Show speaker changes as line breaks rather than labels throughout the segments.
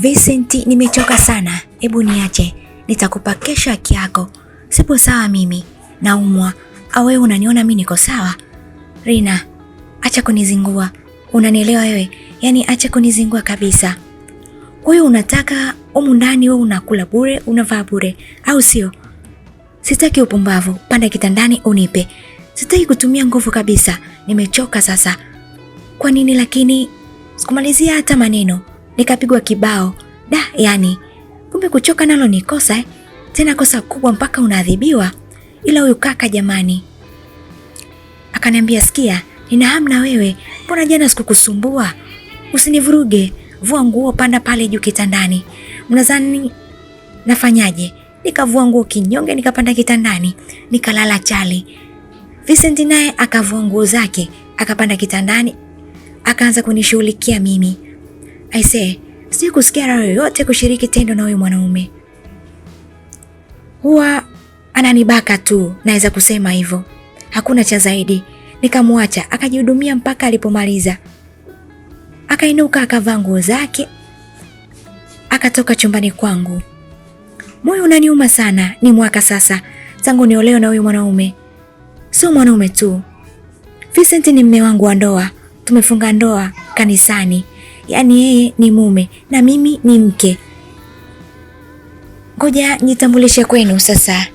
Vincent, nimechoka sana, hebu niache, nitakupa kesho haki yako. Sipo sawa mimi, naumwa. Au wewe unaniona mimi niko sawa? Rina, acha kunizingua, unanielewa wewe? Yaani acha kunizingua kabisa. Wewe unataka umu ndani, wewe unakula bure, unavaa bure, au sio? Sitaki upumbavu, panda kitandani unipe. Sitaki kutumia nguvu kabisa, nimechoka sasa. Kwa nini lakini sikumalizia hata maneno nikapigwa kibao da. Yani kumbe kuchoka nalo ni kosa eh? Tena kosa kubwa mpaka unaadhibiwa. Ila huyu kaka jamani, akaniambia sikia, nina hamu na wewe, mbona jana sikukusumbua? Usinivuruge, vua nguo, panda pale juu kitandani. Mnadhani nafanyaje? Nikavua nguo kinyonge, nikapanda kitandani, nikalala chali. Vincent naye akavua nguo zake, akapanda kitandani, akaanza kunishughulikia mimi. Aisee, sijui kusikia raha yoyote kushiriki tendo na huyu mwanaume. Huwa ananibaka tu, naweza kusema hivyo, hakuna cha zaidi. Nikamwacha akajihudumia mpaka alipomaliza, akainuka akavaa nguo zake akatoka chumbani kwangu. Moyo unaniuma sana, ni mwaka sasa tangu niolewe na huyu mwanaume. Sio mwanaume tu, Vincent ni mme wangu wa ndoa, tumefunga ndoa kanisani yaani yeye ni mume na mimi ni mke. Ngoja nitambulishe kwenu sasa.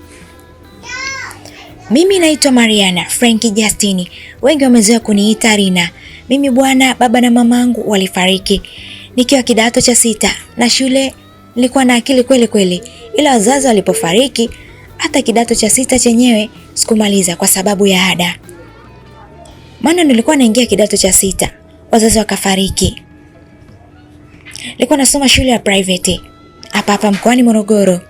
Mimi naitwa Mariana Frank Justini, wengi wamezoea kuniita Rina. Mimi bwana, baba na mamangu walifariki nikiwa kidato cha sita na shule nilikuwa na akili kweli kweli, ila wazazi walipofariki hata kidato cha sita chenyewe sikumaliza kwa sababu ya ada, maana nilikuwa naingia kidato cha sita, wazazi wakafariki. Nilikuwa nasoma shule ya private hapa hapa mkoani Morogoro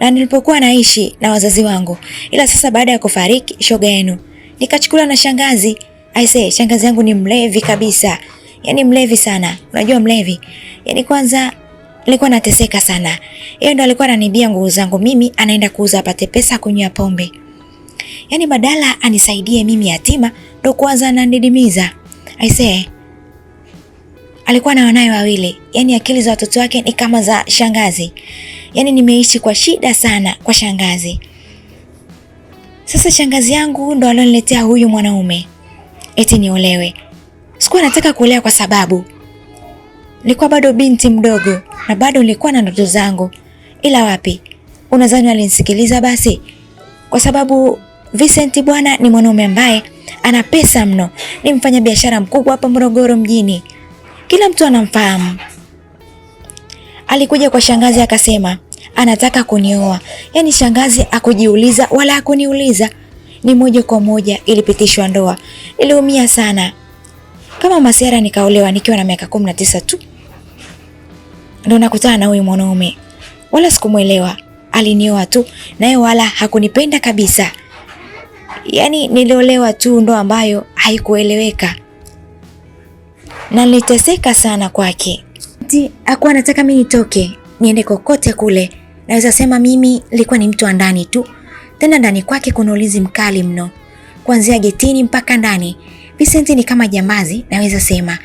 na nilipokuwa naishi na wazazi wangu, ila sasa baada ya kufariki shoga yenu nikachukuliwa na shangazi. I say shangazi yangu ni mlevi kabisa, Yaani mlevi sana. Unajua mlevi, Yaani kwanza nilikuwa nateseka sana, yeye ndo alikuwa ananibia nguo zangu mimi, anaenda kuuza apate pesa kunywa pombe. Yaani badala anisaidie mimi yatima, ndo kwanza ananidimiza. say Alikuwa na wanawe wawili, yani akili za watoto wake ni kama za shangazi. Yani nimeishi kwa shida sana kwa shangazi. Sasa shangazi yangu ndo alioniletea huyu mwanaume eti niolewe. Sikuwa nataka kuolewa kwa sababu nilikuwa bado binti mdogo na bado nilikuwa na ndoto zangu, ila wapi, unadhani alinisikiliza? Basi kwa sababu Vincent bwana ni mwanaume ambaye ana pesa mno, ni mfanyabiashara mkubwa hapa Morogoro mjini kila mtu anamfahamu. Alikuja kwa shangazi akasema anataka kunioa. Yaani shangazi akujiuliza wala akuniuliza, ni moja kwa moja ilipitishwa ndoa. Iliumia sana kama Masiara, nikaolewa nikiwa na miaka kumi na tisa tu ndo nakutana na huyu mwanaume, wala sikumwelewa. Alinioa tu naye wala hakunipenda kabisa. Yaani niliolewa tu ndoa ambayo haikueleweka na niliteseka sana kwake. Ti akuwa anataka mimi nitoke niende kokote kule, naweza sema mimi nilikuwa ni mtu wa ndani tu, tena ndani kwake kuna ulinzi mkali mno, kuanzia getini mpaka ndani. Vincent ni kama jamazi, naweza sema,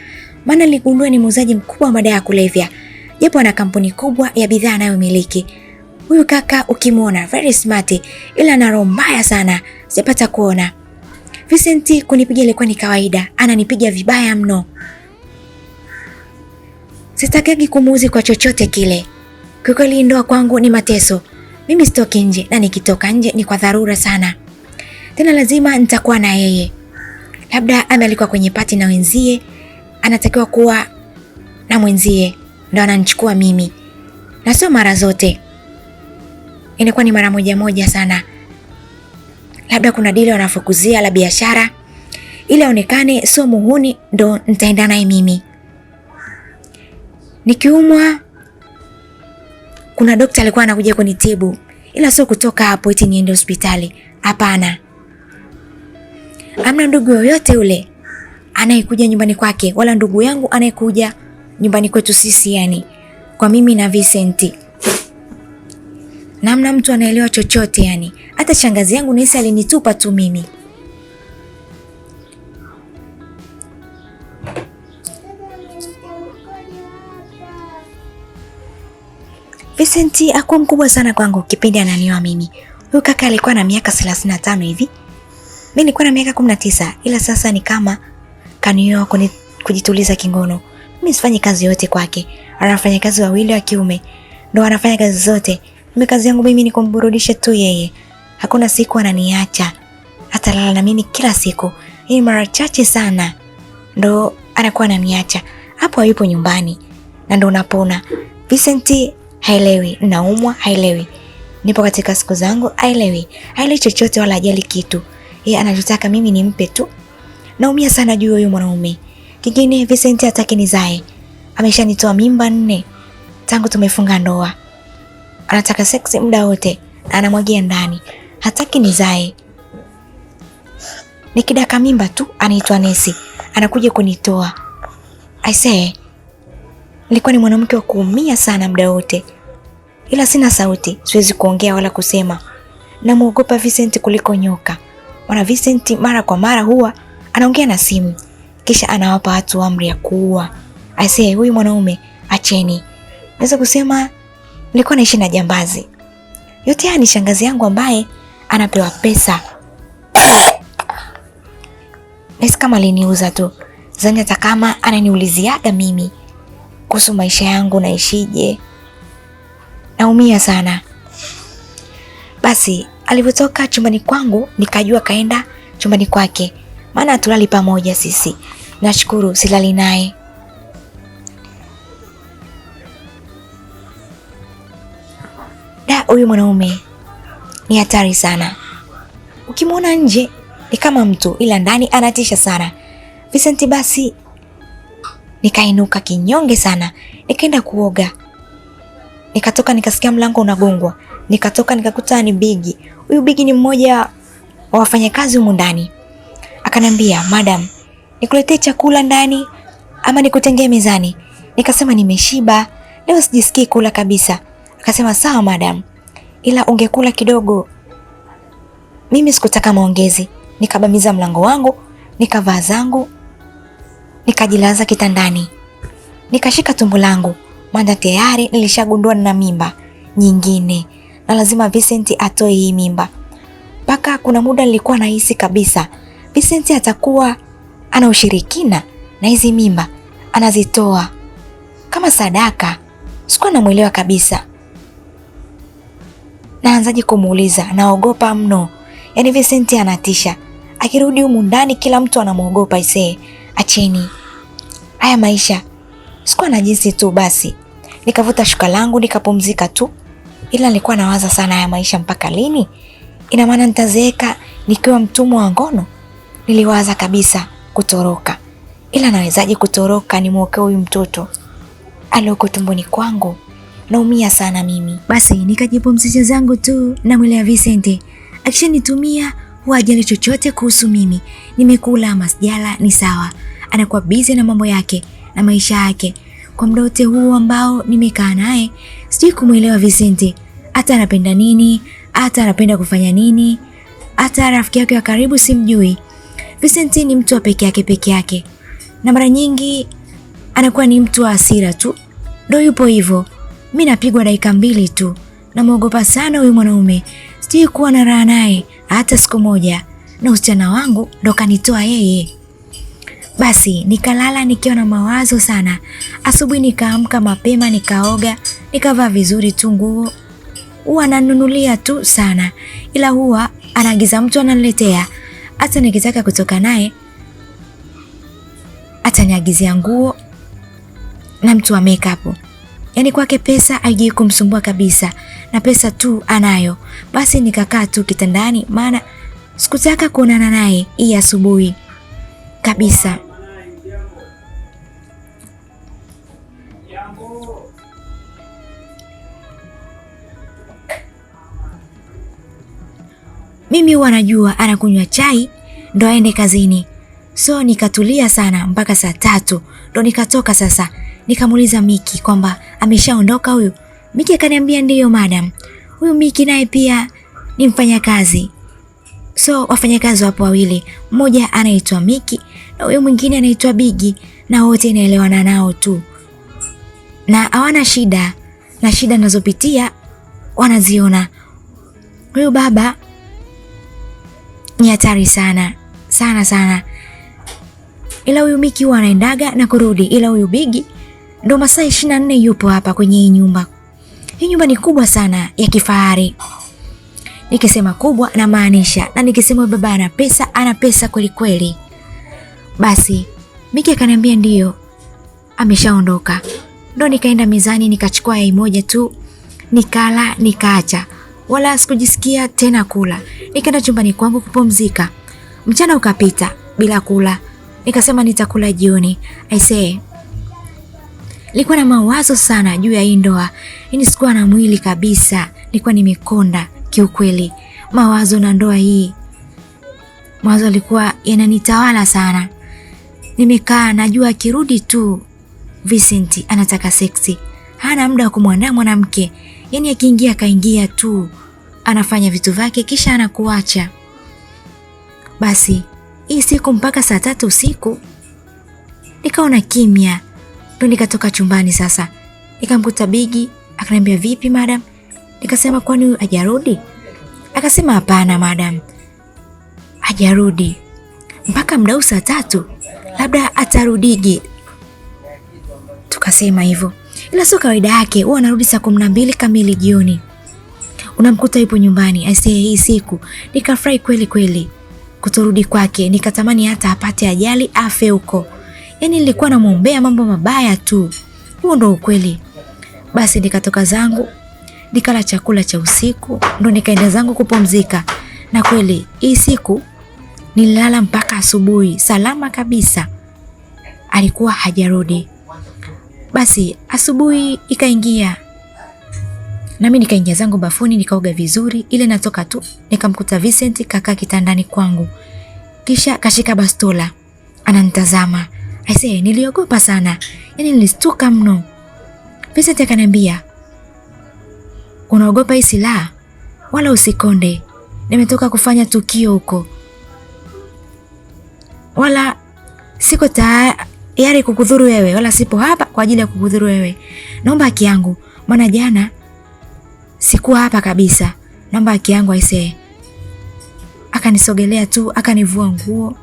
maana niligundua ni muuzaji mkubwa wa madawa ya kulevya, japo ana kampuni kubwa ya bidhaa anayomiliki. Huyu kaka ukimwona very smart, ila ana roho mbaya sana, sijapata kuona Vincent kunipiga ilikuwa ni kawaida, ananipiga vibaya mno sitakegi kumuuzi kwa chochote kile. Kiukweli ndoa kwangu ni mateso. Mimi sitoki nje na nikitoka nje ni kwa dharura sana. Tena lazima nitakuwa na yeye. Labda amealikwa kwenye pati na wenzie, anatakiwa kuwa na mwenzie, ndo ananichukua mimi. Na sio mara zote. Inakuwa ni mara moja moja sana. Labda kuna dili wanafukuzia la biashara ili aonekane sio muhuni, ndo nitaenda naye mimi. Nikiumwa kuna dokta alikuwa anakuja kunitibu, ila sio kutoka hapo eti niende hospitali. Hapana, amna ndugu yoyote yule anayekuja nyumbani kwake wala ndugu yangu anayekuja nyumbani kwetu sisi, yani kwa mimi na Vincent, namna mtu anaelewa chochote yani. Hata shangazi yangu naisi alinitupa tu mimi. Vincent hakuwa mkubwa sana kwangu kipindi ananioa mimi. Huyu kaka alikuwa na miaka 35 hivi. Mimi nilikuwa na miaka 19 ila sasa ni kama kanioa kujituliza kingono. Mimi sifanyi kazi yote kwake. Anafanya kazi wawili wa kiume. Ndio anafanya kazi zote. Mimi kazi yangu mimi ni kumburudisha tu yeye. Hakuna siku ananiacha. Atalala na mimi kila siku. Hii mara chache sana Ndio anakuwa ananiacha. Hapo hayupo nyumbani. Na ndio unapona. Vincent haelewi naumwa, haelewi nipo katika siku zangu, haelewi haelewi chochote wala ajali kitu. Yeye anachotaka mimi nimpe tu. Naumia sana juu huyu mwanaume. Kingine Vincent hataki nizae, ameshanitoa mimba nne tangu tumefunga ndoa. Anataka seksi muda wote, anamwagia ndani, hataki nizae. Nikidaka mimba tu anaitwa nesi, anakuja kunitoa. I say Nilikuwa ni mwanamke wa kuumia sana muda wote, ila sina sauti, siwezi kuongea wala kusema. Namwogopa Vincent kuliko nyoka, maana Vincent mara kwa mara huwa anaongea na simu, kisha anawapa watu amri ya kuua. Aisee, huyu mwanaume acheni. Naweza kusema nilikuwa naishi na jambazi. Yote haya ni shangazi yangu ambaye anapewa pesa nasi kama aliniuza tu zani, hata kama ananiuliziaga mimi kuhusu maisha yangu naishije, naumia sana. Basi alivyotoka chumbani kwangu nikajua kaenda chumbani kwake, maana hatulali pamoja sisi. Nashukuru silali naye. Da, huyu mwanaume ni hatari sana. Ukimwona nje ni kama mtu, ila ndani anatisha sana. Vincent basi Nikainuka kinyonge sana, nikaenda kuoga. Nikatoka nikasikia mlango unagongwa, nikatoka nikakuta ni Bigi. Huyu Bigi ni mmoja wa wafanyakazi humu ndani, Akanambia, madam, nikuletee chakula ndani ama nikutengee mezani? Nikasema nimeshiba leo, sijisikii kula kabisa. Akasema sawa madam, ila ungekula kidogo. Mimi sikutaka maongezi, nikabamiza mlango wangu nikavaa zangu nikajilaza kitandani, nikashika tumbo langu, maana tayari nilishagundua na mimba nyingine na lazima Vincent atoe hii mimba. Mpaka kuna muda nilikuwa nahisi kabisa Vincent atakuwa ana ushirikina na hizi mimba anazitoa kama sadaka. Sikuwa namwelewa kabisa, naanzaje kumuuliza? Naogopa mno, yaani Vincent anatisha, akirudi humu ndani kila mtu anamwogopa isee acheni haya maisha. Sikuwa na jinsi tu basi, nikavuta shuka langu nikapumzika tu, ila nilikuwa nawaza sana, haya maisha mpaka lini? Ina maana nitazeeka nikiwa mtumwa wa ngono? Niliwaza kabisa kutoroka, ila nawezaje kutoroka? Nimwokoe huyu mtoto alioko tumboni kwangu, naumia sana mimi. Basi nikajipumzisha zangu tu, namwelea Vicente akishanitumia huwa ajali chochote kuhusu mimi, nimekula masijala ni sawa anakuwa busy na mambo yake na maisha yake. Kwa muda wote huu ambao nimekaa naye, sijui kumwelewa Vicente hata anapenda nini, hata anapenda kufanya nini, hata rafiki yake wa karibu simjui. Vicente ni mtu wa peke yake peke yake, na mara nyingi anakuwa ni mtu wa hasira tu, ndo yupo hivyo. Mi napigwa dakika mbili tu, namwogopa sana huyu mwanaume, sijui kuwa na raha naye hata siku moja, na usichana wangu ndo kanitoa yeye. Basi nikalala nikiwa na mawazo sana. Asubuhi nikaamka mapema, nikaoga, nikavaa vizuri tu nguo. Huwa ananunulia tu sana, ila huwa anaagiza mtu ananiletea. Hata nikitaka kutoka naye ataniagizia nguo na mtu wa makeup. Yaani kwake pesa haijai kumsumbua kabisa, na pesa tu anayo. Basi nikakaa tu kitandani, maana sikutaka kuonana naye hii asubuhi kabisa. Mimi huwa najua anakunywa chai ndo aende kazini, so nikatulia sana mpaka saa tatu ndo nikatoka. Sasa nikamuuliza Miki kwamba ameshaondoka huyu. Miki akaniambia ndiyo madam, huyu Miki naye pia ni mfanyakazi. So wafanyakazi wapo wawili, mmoja anaitwa Miki na huyo mwingine anaitwa Bigi, na wote naelewana nao tu na hawana shida, na shida nazopitia wanaziona. Huyu baba ni hatari sana sana sana, ila huyu Miki huwa anaendaga na kurudi, ila huyu Bigi ndo masaa ishirini na nne yupo hapa kwenye hii nyumba. Hii nyumba ni kubwa sana ya kifahari. Nikisema kubwa namaanisha, na nikisema baba ana pesa, ana pesa kweli kweli. Basi Miki akaniambia ndiyo, ameshaondoka. Ndo nikaenda mezani nikachukua yai moja tu nikala, nikaacha, wala sikujisikia tena kula. Nikaenda chumbani kwangu kupumzika. Mchana ukapita bila kula, nikasema nitakula jioni. Aisee, nilikuwa na mawazo sana juu ya hii ndoa, yaani sikuwa na mwili kabisa, nilikuwa nimekonda kiukweli. Mawazo na ndoa hii, mawazo alikuwa yananitawala sana. Nimekaa najua akirudi tu Vincent anataka seksi, hana muda wa kumwandaa mwanamke. Yaani akiingia akaingia tu, anafanya vitu vyake kisha anakuacha. Basi hii siku mpaka saa tatu usiku nikaona kimya, ndo nikatoka chumbani. Sasa nikamkuta Bigi, akaniambia vipi madam? Nikasema kwani huyu hajarudi? Akasema hapana madam, hajarudi mpaka mdau saa tatu labda atarudije? tukasema hivyo, ila sio kawaida yake, huwa anarudi saa kumi na mbili kamili jioni, unamkuta yupo nyumbani. Aisee, hii siku nikafurahi kweli kweli kutorudi kwake, nikatamani hata apate ajali afe huko, yaani nilikuwa namwombea mambo mabaya tu. Huo ndo ukweli. Basi nikatoka zangu nikala chakula cha usiku, ndo nikaenda zangu kupumzika, na kweli hii siku Nililala mpaka asubuhi salama kabisa, alikuwa hajarudi. Basi asubuhi ikaingia nami nikaingia zangu bafuni nikaoga vizuri, ile natoka tu nikamkuta Vincent kakaa kitandani kwangu, kisha kashika bastola ananitazama. Aisee, niliogopa sana, yani nilistuka mno. Vincent akaniambia, unaogopa hii silaha? Wala usikonde, nimetoka kufanya tukio huko wala siko tayari kukudhuru wewe, wala sipo hapa kwa ajili ya kukudhuru wewe. Naomba haki yangu, maana jana sikuwa hapa kabisa. Naomba haki yangu aisee. Akanisogelea tu akanivua nguo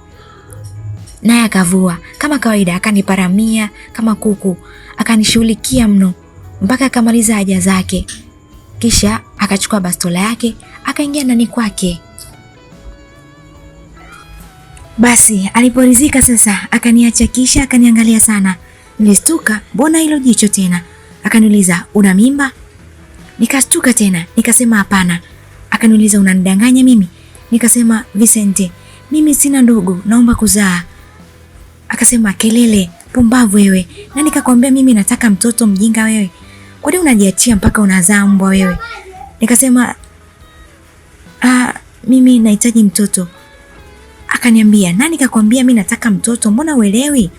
naye akavua kama kawaida, akaniparamia kama kuku, akanishughulikia mno mpaka akamaliza haja zake, kisha akachukua bastola yake akaingia ndani kwake. Basi aliporizika sasa, akaniacha kisha akaniangalia sana. Nilistuka, mbona hilo jicho tena? Akaniuliza, una mimba? Nikastuka tena, nikasema hapana. Akaniuliza, unanidanganya mimi? Nikasema, Vicente, mimi sina ndugu, naomba kuzaa. Akasema, kelele, pumbavu wewe, na nikakwambia mimi nataka mtoto mjinga wewe, kwani unajiachia mpaka unazaa mbwa wewe? Nikasema, ah, mimi nahitaji mtoto Akaniambia, nani kakwambia mi nataka mtoto, mbona uelewi?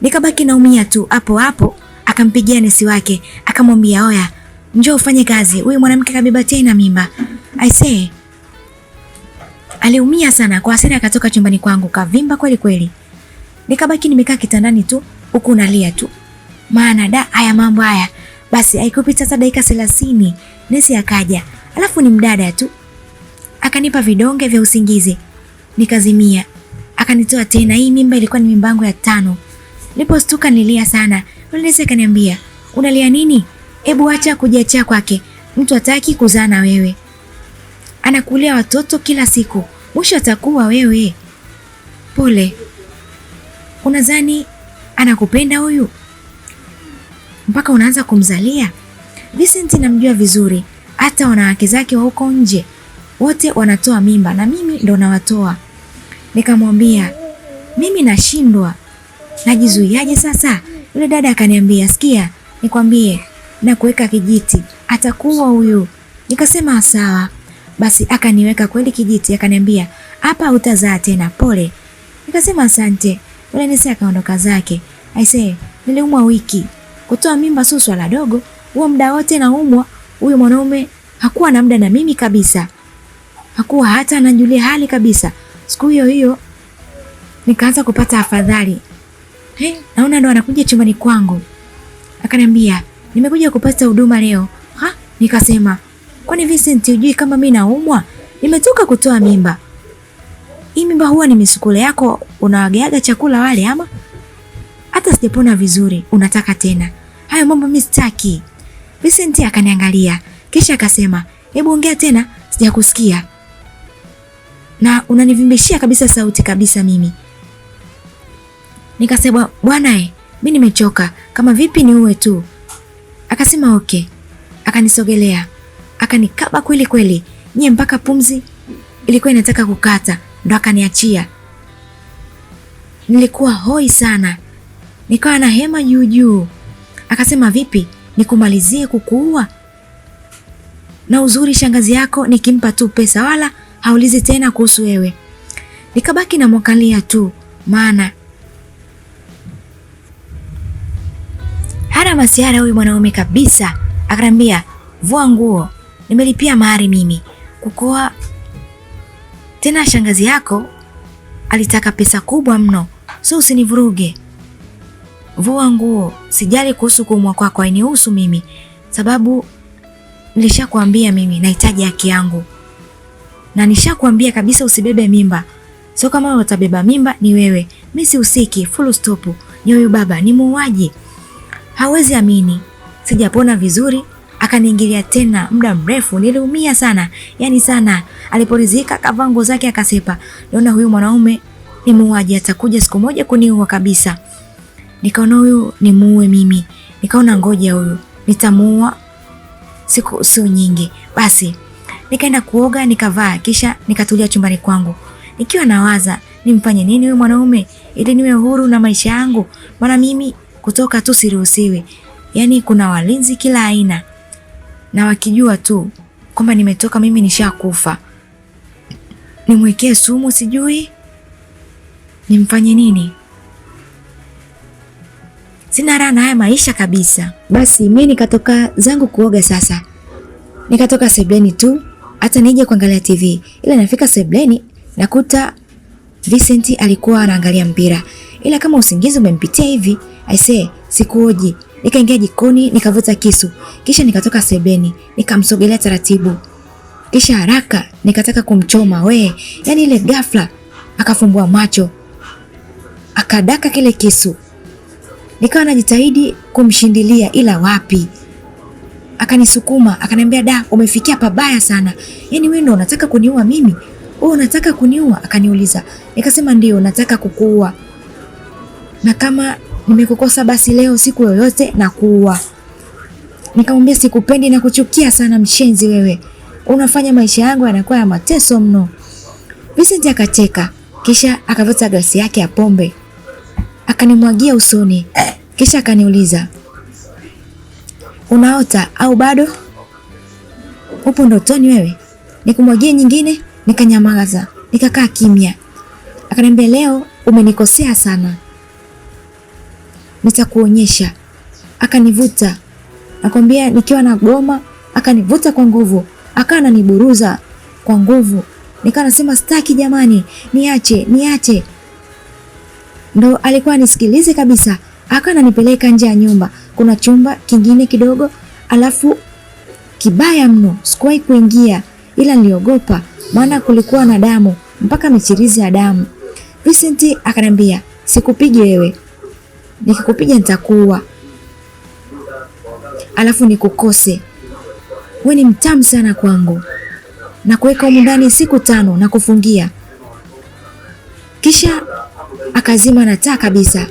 Nikabaki naumia tu hapo hapo. Akampigia nesi wake akamwambia, oya, njoo ufanye kazi, huyu mwanamke kabeba tena mimba. I say aliumia sana kwa hasira, akatoka chumbani kwangu kavimba kweli kweli. Nikabaki nimekaa kitandani tu huku nalia tu, maana da haya mambo haya. Basi haikupita hata dakika thelathini nesi akaja, alafu ni mdada tu, akanipa vidonge vya usingizi nikazimia. Akanitoa tena. Hii mimba ilikuwa ni mimba yangu ya tano. Nilipostuka nilia sana. Uliniambia akaniambia, "Unalia nini? Hebu acha kujiachia kwake. Mtu hataki kuzaa na wewe. Anakulia watoto kila siku. Mwisho atakuwa wewe." Pole. Unadhani anakupenda huyu? Mpaka unaanza kumzalia? Vincent namjua vizuri. Hata wanawake zake wa huko nje wote wanatoa mimba na mimi ndo nawatoa. Nikamwambia mimi nashindwa, najizuiaje sasa? Yule dada akaniambia, sikia, nikwambie, kuweka kijiti, atakuwa huyu. Nikasema sawa. Basi akaniweka kweli kijiti, akaniambia hapa utazaa tena, pole. Nikasema asante. Yule nesi akaondoka zake. Aisee, niliumwa wiki. Kutoa mimba sio swala dogo, huo muda wote naumwa. Huyu mwanaume hakuwa na muda na mimi kabisa, hakuwa hata anajulia hali kabisa. Siku hiyo hiyo nikaanza kupata afadhali. Hey, naona ndo anakuja chumbani kwangu. Akaniambia, "Nimekuja kupata huduma leo." Ha? Nikasema, "Kwani Vincent hujui kama mimi naumwa? Nimetoka kutoa mimba." Hii mimba huwa ni misukule yako unawageaga chakula wale ama? Hata sijapona vizuri, unataka tena. Hayo mambo mimi sitaki. Vincent akaniangalia, kisha akasema, "Hebu ongea tena, sijakusikia." na unanivimbishia kabisa sauti kabisa mimi. Nikasema bwana eh, mi nimechoka, kama vipi ni uwe tu. Akasema okay, akanisogelea akanikaba kweli kweli, nyie mpaka pumzi ilikuwa inataka kukata, ndo akaniachia. Nilikuwa hoi sana, nikawa na hema juu juu. Akasema vipi, nikumalizie kukuua? Na uzuri shangazi yako nikimpa tu pesa wala haulizi tena kuhusu wewe. Nikabaki na mwangalia tu, maana hana masiara huyu mwanaume kabisa. Akaniambia, vua nguo, nimelipia mahari mimi kukoa tena. Shangazi yako alitaka pesa kubwa mno, so usinivuruge. Vua nguo, sijali kuhusu kuumwa kwako, ainihusu mimi, sababu nilishakwambia mimi nahitaji haki yangu na nishakwambia kabisa usibebe mimba. Sio kama wewe utabeba mimba ni wewe, mimi sihusiki, full stop. Ni huyu baba ni muuaji. Hawezi amini, sijapona vizuri akaniingilia tena muda mrefu, niliumia sana, Yaani sana. Aliporizika kavaa nguo zake akasepa, naona huyu mwanaume ni muuaji, atakuja siku moja kuniua kabisa. Nikaona huyu ni muue mimi, nikaona ngoja huyu nitamuua siku sio nyingi basi Nikaenda kuoga nikavaa, kisha nikatulia chumbani kwangu nikiwa nawaza nimfanye nini huyu mwanaume ili niwe huru na maisha yangu, maana mimi kutoka tu siruhusiwi. Yaani kuna walinzi kila aina, na wakijua tu kwamba nimetoka mimi nishakufa. Nimwekee sumu, sijui nimfanye nini. Sina raha na haya maisha kabisa. Basi mi nikatoka zangu kuoga sasa, nikatoka sebleni tu hata nije kuangalia TV, ila nafika sebleni nakuta Vincent alikuwa anaangalia mpira, ila kama usingizi umempitia hivi I say sikuoji. Nikaingia jikoni nikavuta kisu, kisha nikatoka sebleni, nikamsogelea taratibu, kisha haraka nikataka kumchoma we, yani ile ghafla akafumbua macho akadaka kile kisu, nikawa najitahidi kumshindilia, ila wapi akanisukuma akaniambia, da, umefikia pabaya sana, yaani wewe ndio unataka kuniua mimi? Wewe oh, unataka kuniua? Akaniuliza, nikasema ndio, nataka kukuua, na kama nimekukosa basi leo siku yoyote na kuua. Nikamwambia sikupendi na kuchukia sana, mshenzi wewe, unafanya maisha yangu yanakuwa ya mateso mno. Vincent akacheka, kisha akavuta glasi yake ya pombe akanimwagia usoni, kisha akaniuliza Unaota au bado upo ndotoni wewe? Nikumwagie nyingine? Nikanyamaza, nikakaa kimya. Akaniambia, leo umenikosea sana, nitakuonyesha. Akanivuta, nakwambia, nikiwa na goma, akanivuta kwa nguvu, akawa ananiburuza kwa nguvu. Nikawa nasema staki, jamani, niache, niache. Ndo alikuwa anisikilize kabisa, akawa ananipeleka nje ya nyumba kuna chumba kingine kidogo, alafu kibaya mno, sikuwahi kuingia, ila niliogopa, maana kulikuwa na damu mpaka michirizi ya damu. Vincent akaniambia sikupige wewe, nikikupiga nitakuua, alafu nikukose. Wewe ni mtamu sana kwangu, na kuweka humu ndani siku tano na kufungia. Kisha akazima na taa kabisa.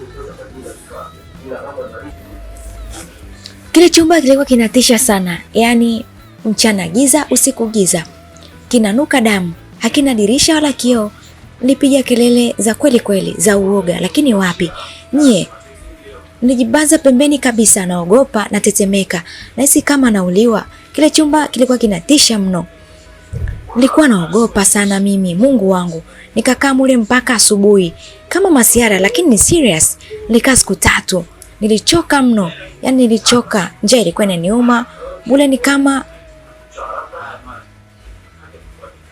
Kile chumba kilikuwa kinatisha sana, yaani mchana giza, usiku giza, kinanuka damu, hakina dirisha wala kioo. Nilipiga kelele za kweli kweli za uoga, lakini wapi nyie. Nilijibaza pembeni kabisa, naogopa, natetemeka, nahisi kama nauliwa. Kile chumba kilikuwa kinatisha mno, nilikuwa naogopa sana mimi. Mungu wangu, nikakaa mule mpaka asubuhi kama masiara, lakini ni serious. Nilikaa siku tatu nilichoka mno, yani nilichoka, njia ilikuwa inaniuma. Bule ni kama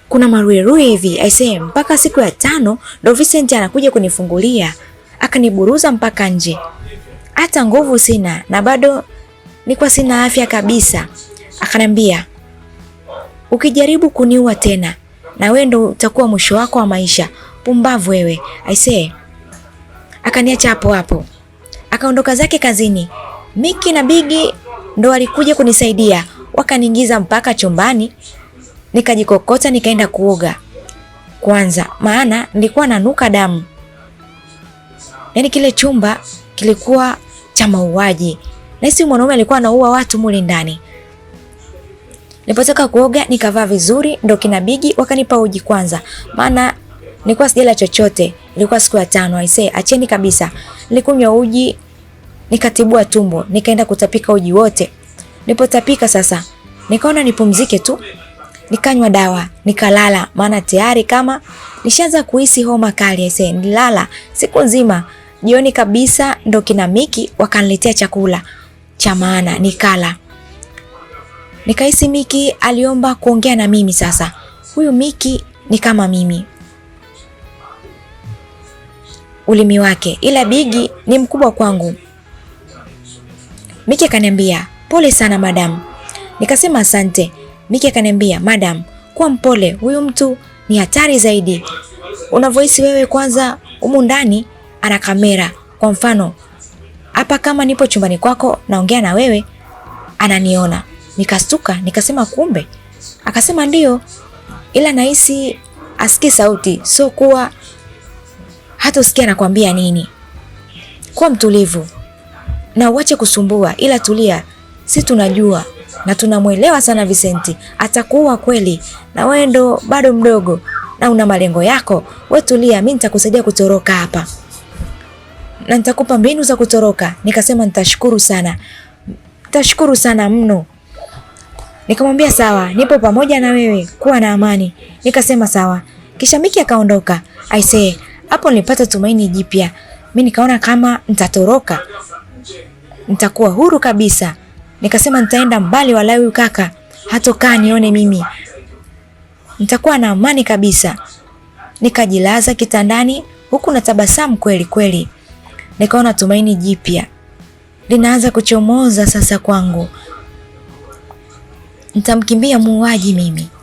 kuna maruerue hivi aisee, mpaka siku ya tano ndo Vincent anakuja kunifungulia, akaniburuza mpaka nje. Hata nguvu sina na bado nilikuwa sina afya kabisa. Akanambia, ukijaribu kuniua tena na wewe ndo utakuwa mwisho wako wa maisha, pumbavu wewe aisee. Akaniacha hapo hapo akaondoka zake kazini. Miki na Bigi ndo walikuja kunisaidia, wakaniingiza mpaka chumbani, nikajikokota nikaenda kuoga kwanza, maana nilikuwa nanuka damu. Yaani kile chumba kilikuwa cha mauaji, nahisi mwanaume alikuwa anaua watu mule ndani. Nilipotoka kuoga nikavaa vizuri, ndo kina Bigi wakanipa uji kwanza, maana nilikuwa sijala chochote. Ilikuwa siku ya tano aisee, acheni kabisa. Nilikunywa uji nikatibua tumbo, nikaenda kutapika uji wote. Nilipotapika sasa, nikaona nipumzike tu, nikanywa dawa nikalala, maana tayari kama nishaanza kuhisi homa kali aisee. Nilala siku nzima, jioni kabisa ndo kina Miki wakaniletea chakula cha maana nikala. Nikahisi Miki aliomba kuongea na mimi sasa. Huyu Miki ni kama mimi, ulimi wake, ila Bigi ni mkubwa kwangu. Miki akaniambia pole sana madam, nikasema asante. Miki akaniambia madam, kuwa mpole, huyu mtu ni hatari zaidi unavyohisi wewe. Kwanza humu ndani ana kamera. Kwa mfano hapa, kama nipo chumbani kwako naongea na wewe, ananiona. Nikastuka nikasema kumbe. Akasema ndio, ila nahisi asikie sauti, so kuwa hata usikia anakwambia nini. Kuwa mtulivu na uache kusumbua, ila tulia. Si tunajua na tunamwelewa sana Vicenti, atakuua kweli, na wewe ndo bado mdogo na una malengo yako. We tulia, mi nitakusaidia kutoroka hapa na nitakupa mbinu za kutoroka. Nikasema nitashukuru sana, nitashukuru sana mno. Nikamwambia sawa, nipo pamoja na wewe, kuwa na amani. Nikasema sawa, kisha Miki akaondoka. Aisee, hapo nilipata tumaini jipya. Mimi nikaona kama nitatoroka nitakuwa huru kabisa. Nikasema nitaenda mbali, wala huyu kaka hatokaa nione mimi, nitakuwa na amani kabisa. Nikajilaza kitandani huku natabasamu kweli kweli, nikaona tumaini jipya linaanza kuchomoza sasa kwangu. Nitamkimbia muuaji mimi.